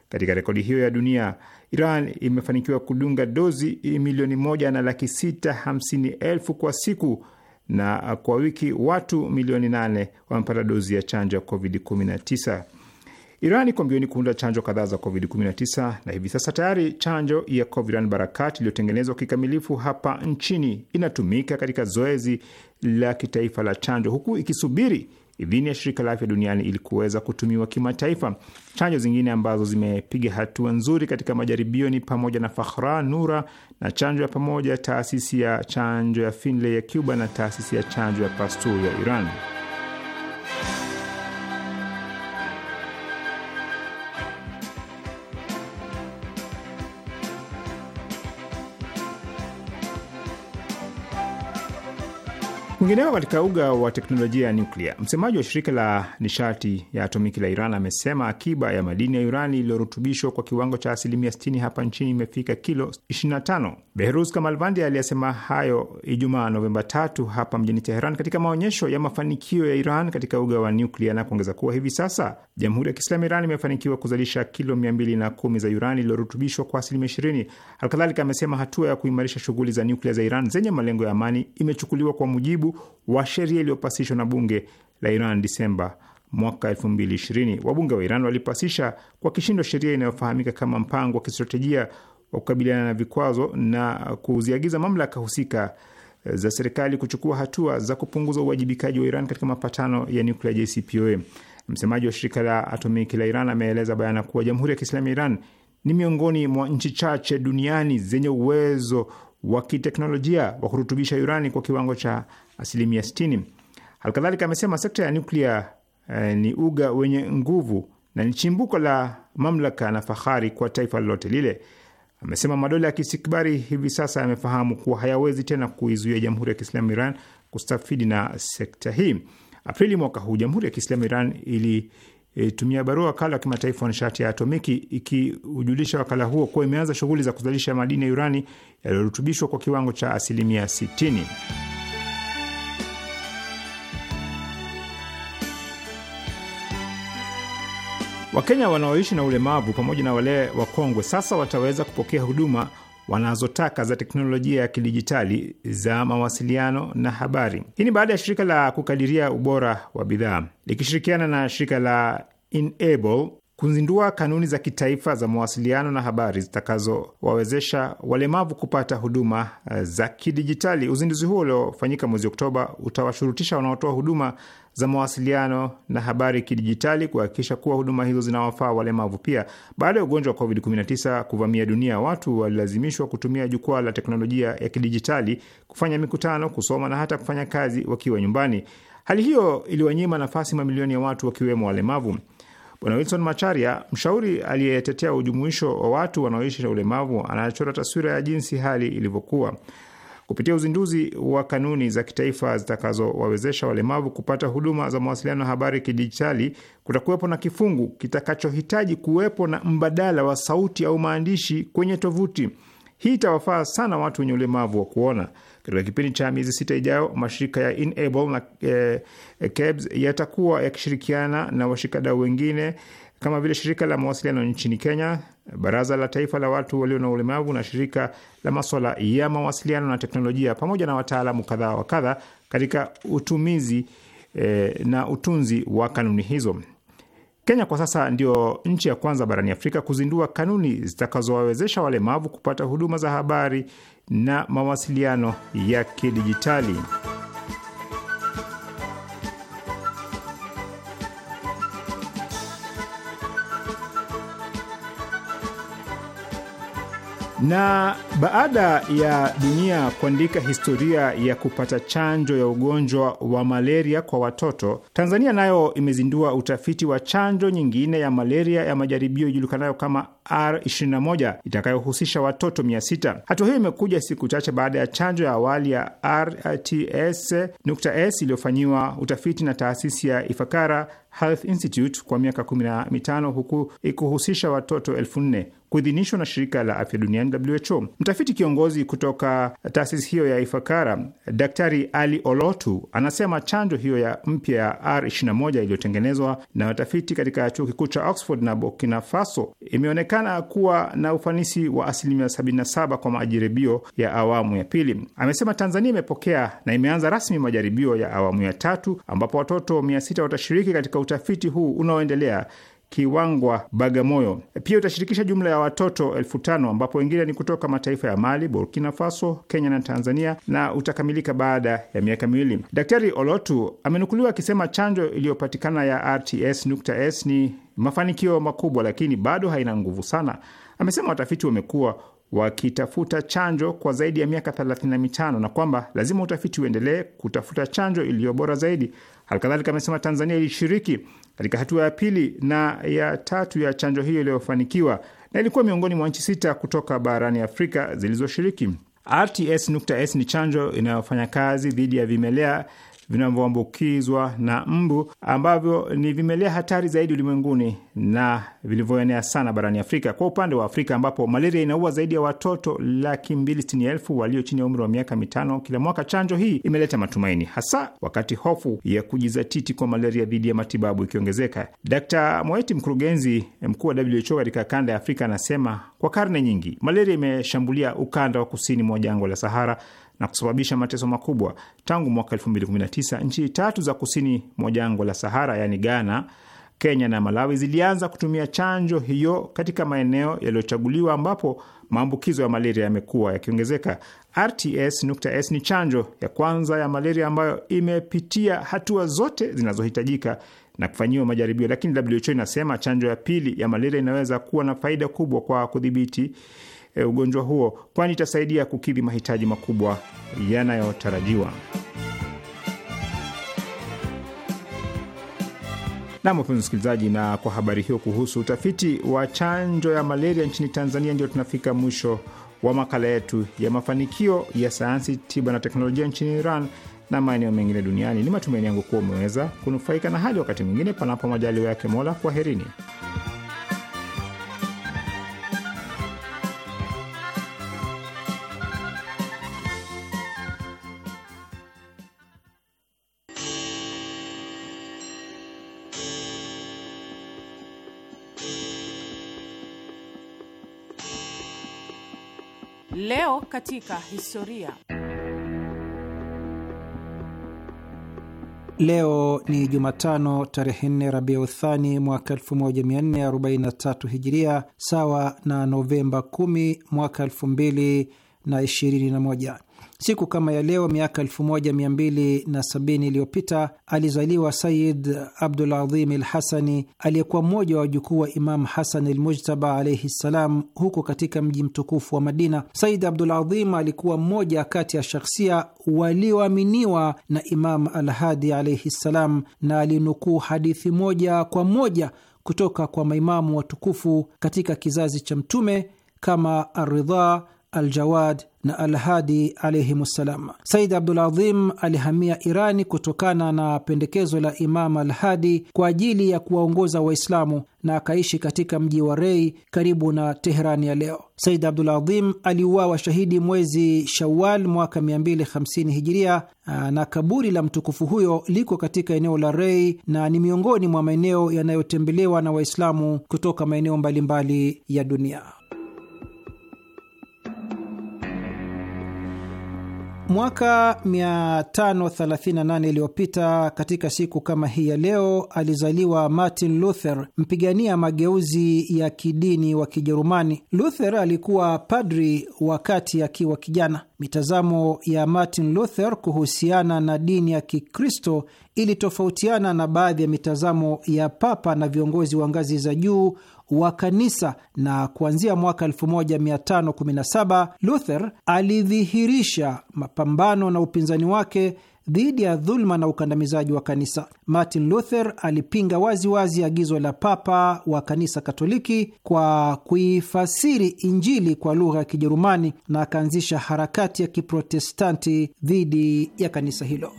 A: Katika rekodi hiyo ya dunia, Iran imefanikiwa kudunga dozi milioni moja na laki sita hamsini elfu kwa siku na kwa wiki watu milioni nane wamepata dozi ya chanjo ya COVID-19. Iran iko mbioni kuunda chanjo kadhaa za COVID-19 na hivi sasa tayari chanjo ya Coviran Barakat iliyotengenezwa kikamilifu hapa nchini inatumika katika zoezi la kitaifa la chanjo huku ikisubiri idhini ya shirika la afya duniani ili kuweza kutumiwa kimataifa. Chanjo zingine ambazo zimepiga hatua nzuri katika majaribio ni pamoja na Fakhra Nura na chanjo ya pamoja taasisi ya chanjo ya Finlay ya Cuba na taasisi ya chanjo ya Pasteur ya Iran. Kwingineko, katika uga wa teknolojia ya nyuklia, msemaji wa shirika la nishati ya atomiki la Iran amesema akiba ya madini ya urani iliyorutubishwa kwa kiwango cha asilimia 60 hapa nchini imefika kilo 25. behrus Kamalvandi aliyesema hayo Ijumaa Novemba 3 hapa mjini Teheran katika maonyesho ya mafanikio ya Iran katika uga wa nyuklia na kuongeza kuwa hivi sasa Jamhuri ya Kiislamu Iran imefanikiwa kuzalisha kilo 210 za urani iliyorutubishwa kwa asilimia 20. Halikadhalika amesema hatua ya kuimarisha shughuli za nyuklia za Iran zenye malengo ya amani imechukuliwa kwa mujibu mujibu wa sheria iliyopasishwa na bunge la Iran Disemba mwaka 2020. Wabunge wa Iran walipasisha kwa kishindo sheria inayofahamika kama mpango wa kistratejia wa kukabiliana na vikwazo na kuziagiza mamlaka husika eh, za serikali kuchukua hatua za kupunguza uwajibikaji wa Iran katika mapatano ya nuklia JCPOA. Msemaji wa shirika la atomiki la Iran ameeleza bayana kuwa Jamhuri ya Kiislamu ya Iran ni miongoni mwa nchi chache duniani zenye uwezo wa kiteknolojia wa kurutubisha urani kwa kiwango cha asilimia 60. Halikadhalika amesema sekta ya nuklia eh, ni uga wenye nguvu na ni chimbuko la mamlaka na fahari kwa taifa lolote lile. Amesema madola ya kisikbari hivi sasa yamefahamu kuwa hayawezi tena kuizuia Jamhuri ya Kiislamu Iran kustafidi na sekta hii. Aprili mwaka huu Jamhuri ya Kiislamu Iran ili e, tumia barua wakala wa kimataifa wa nishati ya atomiki ikiujulisha wakala huo kuwa imeanza shughuli za kuzalisha madini ya urani yaliyorutubishwa kwa kiwango cha asilimia 60. Wakenya wanaoishi na ulemavu pamoja na wale wakongwe sasa wataweza kupokea huduma wanazotaka za teknolojia ya kidijitali za mawasiliano na habari. Hii ni baada ya shirika la kukadiria ubora wa bidhaa likishirikiana na shirika la Enable kuzindua kanuni za kitaifa za mawasiliano na habari zitakazowawezesha walemavu kupata huduma eh, za kidijitali. Uzinduzi huo uliofanyika mwezi Oktoba utawashurutisha wanaotoa huduma za mawasiliano na habari kidijitali kuhakikisha kuwa huduma hizo zinawafaa walemavu pia. Baada ya ugonjwa wa COVID-19 kuvamia dunia, watu walilazimishwa kutumia jukwaa la teknolojia ya kidijitali kufanya mikutano, kusoma na hata kufanya kazi wakiwa nyumbani. Hali hiyo iliwanyima nafasi mamilioni ya watu wakiwemo walemavu. Bwana Wilson Macharia, mshauri aliyetetea ujumuisho wa watu wanaoishi na ulemavu, anachora taswira ya jinsi hali ilivyokuwa kupitia uzinduzi wa kanuni za kitaifa zitakazowawezesha walemavu kupata huduma za mawasiliano na habari kidijitali. Kutakuwepo na kifungu kitakachohitaji kuwepo na mbadala wa sauti au maandishi kwenye tovuti. Hii itawafaa sana watu wenye ulemavu wa kuona. Katika kipindi cha miezi sita ijayo, mashirika ya Enable na eh, KEBS yatakuwa yakishirikiana na washikadau wengine kama vile shirika la mawasiliano nchini Kenya, baraza la taifa la watu walio na ulemavu na shirika la maswala ya mawasiliano na teknolojia, pamoja na wataalamu kadhaa wa kadha katika utumizi eh, na utunzi wa kanuni hizo. Kenya kwa sasa ndio nchi ya kwanza barani Afrika kuzindua kanuni zitakazowawezesha walemavu kupata huduma za habari na mawasiliano ya kidijitali. Na baada ya dunia kuandika historia ya kupata chanjo ya ugonjwa wa malaria kwa watoto, Tanzania nayo imezindua utafiti wa chanjo nyingine ya malaria ya majaribio ijulikanayo kama R21 itakayohusisha watoto 600. Hatua hiyo imekuja siku chache baada ya chanjo ya awali ya RTS.S iliyofanyiwa utafiti na taasisi ya Ifakara Health Institute kwa miaka 15 huku ikuhusisha watoto elfu nne kuidhinishwa na shirika la afya duniani WHO. Mtafiti kiongozi kutoka taasisi hiyo ya Ifakara, Daktari Ali Olotu, anasema chanjo hiyo ya mpya ya R21 iliyotengenezwa na watafiti katika chuo kikuu cha Oxford na Burkina Faso imeonekana kuwa na ufanisi wa asilimia 77 kwa majaribio ya awamu ya pili. Amesema Tanzania imepokea na imeanza rasmi majaribio ya awamu ya tatu ambapo watoto 600 watashiriki katika utafiti huu unaoendelea Kiwangwa, Bagamoyo. Pia utashirikisha jumla ya watoto elfu tano ambapo wengine ni kutoka mataifa ya Mali, Burkina Faso, Kenya na Tanzania, na utakamilika baada ya miaka miwili. Daktari Olotu amenukuliwa akisema chanjo iliyopatikana ya RTS.S ni mafanikio makubwa, lakini bado haina nguvu sana. Amesema watafiti wamekuwa wakitafuta chanjo kwa zaidi ya miaka thelathini na mitano na kwamba lazima utafiti uendelee kutafuta chanjo iliyo bora zaidi. Halikadhalika amesema Tanzania ilishiriki katika hatua ya pili na ya tatu ya chanjo hiyo iliyofanikiwa, na ilikuwa miongoni mwa nchi sita kutoka barani Afrika zilizoshiriki. RTS.S ni chanjo inayofanya kazi dhidi ya vimelea vinavyoambukizwa na mbu ambavyo ni vimelea hatari zaidi ulimwenguni na vilivyoenea sana barani Afrika. Kwa upande wa Afrika ambapo malaria inaua zaidi ya watoto laki mbili sitini elfu walio chini ya umri wa miaka mitano kila mwaka, chanjo hii imeleta matumaini, hasa wakati hofu ya kujizatiti kwa malaria dhidi ya matibabu ikiongezeka. d Moeti, mkurugenzi mkuu wa WHO katika kanda ya Afrika, anasema kwa karne nyingi malaria imeshambulia ukanda wa kusini mwa jangwa la Sahara na kusababisha mateso makubwa. Tangu mwaka 2019 nchi tatu za kusini mwa jangwa la Sahara, yaani Ghana, Kenya na Malawi zilianza kutumia chanjo hiyo katika maeneo yaliyochaguliwa ambapo maambukizo ya malaria yamekuwa yakiongezeka. RTS.S ni chanjo ya kwanza ya malaria ambayo imepitia hatua zote zinazohitajika na kufanyiwa majaribio, lakini WHO inasema chanjo ya pili ya malaria inaweza kuwa na faida kubwa kwa kudhibiti e, ugonjwa huo, kwani itasaidia kukidhi mahitaji makubwa yanayotarajiwa. Nam, wapenzi msikilizaji, na kwa habari hiyo kuhusu utafiti wa chanjo ya malaria nchini Tanzania, ndio tunafika mwisho wa makala yetu ya mafanikio ya sayansi tiba na teknolojia nchini Iran na maeneo mengine duniani. Ni matumaini yangu kuwa umeweza kunufaika, na hali wakati mwingine, panapo majaliwa yake Mola, kwaherini.
C: Leo katika historia.
E: Leo ni Jumatano tarehe nne Rabiu Thani mwaka 1443 Hijiria, sawa na Novemba 10 mwaka 2021. Siku kama ya leo miaka 1270 iliyopita alizaliwa Sayid Adhim al Hasani, aliyekuwa mmoja wa wajukuu wa Imam Hasan Almujtaba alaihi ssalam, huko katika mji mtukufu wa Madina. Sayid Adhim alikuwa mmoja kati ya shakhsia walioaminiwa na Imam Alhadi alaihi ssalam, na alinukuu hadithi moja kwa moja kutoka kwa maimamu watukufu katika kizazi cha Mtume kama Aridha Aljawad na Alhadi alaihim ssalam. Said Abdulazim alihamia Irani kutokana na pendekezo la Imam Alhadi kwa ajili ya kuwaongoza Waislamu na akaishi katika mji wa Rei karibu na Teherani ya leo. Said Abdulazim aliuawa shahidi mwezi Shawal mwaka 250 Hijiria, na kaburi la mtukufu huyo liko katika eneo la Rei na ni miongoni mwa maeneo yanayotembelewa na Waislamu kutoka maeneo mbalimbali ya dunia. Mwaka 538 iliyopita katika siku kama hii ya leo alizaliwa Martin Luther, mpigania mageuzi ya kidini wa Kijerumani. Luther alikuwa padri wakati akiwa kijana. Mitazamo ya Martin Luther kuhusiana na dini ya Kikristo ilitofautiana na baadhi ya mitazamo ya papa na viongozi wa ngazi za juu wa kanisa, na kuanzia mwaka 1517 Luther alidhihirisha mapambano na upinzani wake dhidi ya dhuluma na ukandamizaji wa kanisa. Martin Luther alipinga waziwazi wazi agizo la Papa wa Kanisa Katoliki kwa kuifasiri Injili kwa lugha ya Kijerumani na akaanzisha harakati ya Kiprotestanti dhidi ya kanisa hilo.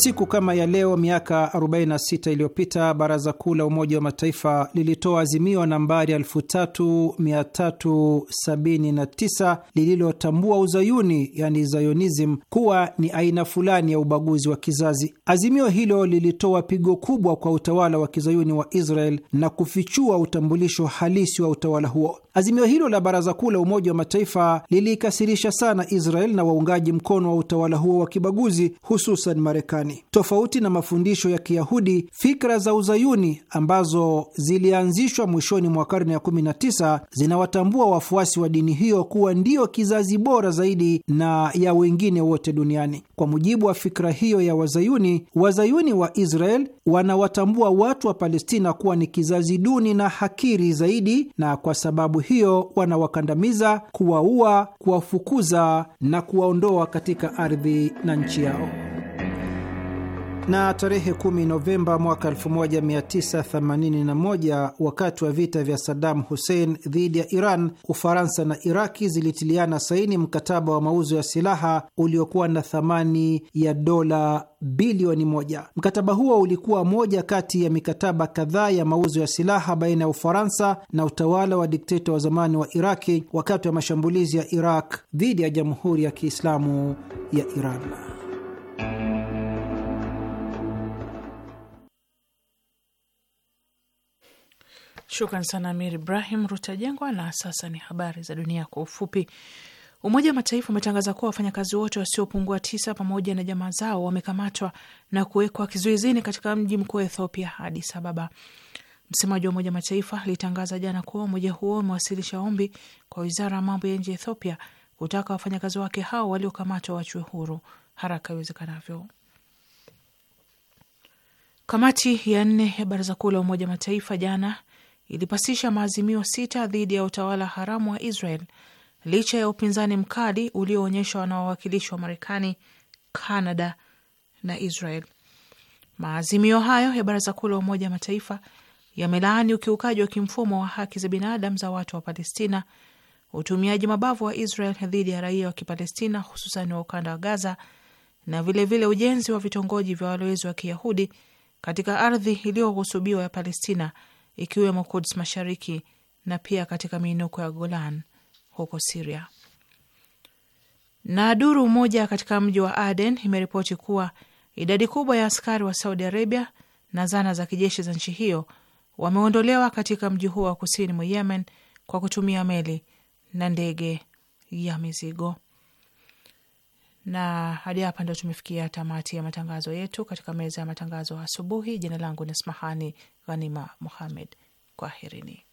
E: Siku kama ya leo miaka 46 iliyopita Baraza Kuu la Umoja wa Mataifa lilitoa azimio nambari 3379 lililotambua uzayuni, yani zayonism, kuwa ni aina fulani ya ubaguzi wa kizazi. Azimio hilo lilitoa pigo kubwa kwa utawala wa kizayuni wa Israel na kufichua utambulisho halisi wa utawala huo. Azimio hilo la Baraza Kuu la Umoja wa Mataifa liliikasirisha sana Israel na waungaji mkono wa utawala huo wa kibaguzi, hususan Marekani. Marekani. Tofauti na mafundisho ya Kiyahudi, fikra za uzayuni ambazo zilianzishwa mwishoni mwa karne ya 19 zinawatambua wafuasi wa dini hiyo kuwa ndiyo kizazi bora zaidi na ya wengine wote duniani. Kwa mujibu wa fikra hiyo ya wazayuni, wazayuni wa Israel wanawatambua watu wa Palestina kuwa ni kizazi duni na hakiri zaidi, na kwa sababu hiyo wanawakandamiza, kuwaua, kuwafukuza na kuwaondoa katika ardhi na nchi yao na tarehe 10 Novemba mwaka 1981 wakati wa vita vya Saddam Hussein dhidi ya Iran, Ufaransa na Iraki zilitiliana saini mkataba wa mauzo ya silaha uliokuwa na thamani ya dola bilioni moja. Mkataba huo ulikuwa moja kati ya mikataba kadhaa ya mauzo ya silaha baina ya Ufaransa na utawala wa dikteta wa zamani wa Iraki wakati wa mashambulizi ya Iraq dhidi ya Jamhuri ya Kiislamu ya Iran.
C: Shukran sana Amir Ibrahim Rutajengwa. Na sasa ni habari za dunia kwa ufupi. Umoja wa Mataifa umetangaza kuwa wafanyakazi wote wasiopungua tisa pamoja na jamaa zao wamekamatwa na kuwekwa kizuizini katika mji mkuu wa Ethiopia, Addis Ababa. Msemaji wa Umoja wa Mataifa alitangaza jana kuwa umoja huo umewasilisha ombi kwa wizara ya mambo ya nje ya Ethiopia kutaka wafanyakazi wake hao waliokamatwa wachwe huru haraka iwezekanavyo. Kamati ya nne ya Baraza Kuu la Umoja wa Mataifa jana ilipasisha maazimio sita dhidi ya utawala haramu wa Israel licha ya upinzani mkali ulioonyeshwa na wawakilishi wa Marekani, Canada na Israel. Maazimio hayo ya Baraza Kuu la Umoja wa Mataifa yamelaani ukiukaji wa kimfumo wa haki za binadamu za watu wa Palestina, utumiaji mabavu wa Israel dhidi ya raia wa Kipalestina, hususan wa ukanda wa Gaza, na vilevile vile ujenzi wa vitongoji vya walowezi wa Kiyahudi katika ardhi iliyohusubiwa ya Palestina ikiwemo Kuds Mashariki na pia katika miinuko ya Golan huko Siria. Na duru moja katika mji wa Aden imeripoti kuwa idadi kubwa ya askari wa Saudi Arabia na zana za kijeshi za nchi hiyo wameondolewa katika mji huo wa kusini mwa Yemen kwa kutumia meli na ndege ya mizigo. Na hadi hapa ndo tumefikia tamati ya matangazo yetu katika meza ya matangazo asubuhi. Jina langu ni Smahani Ghanima Muhamed. Kwaherini.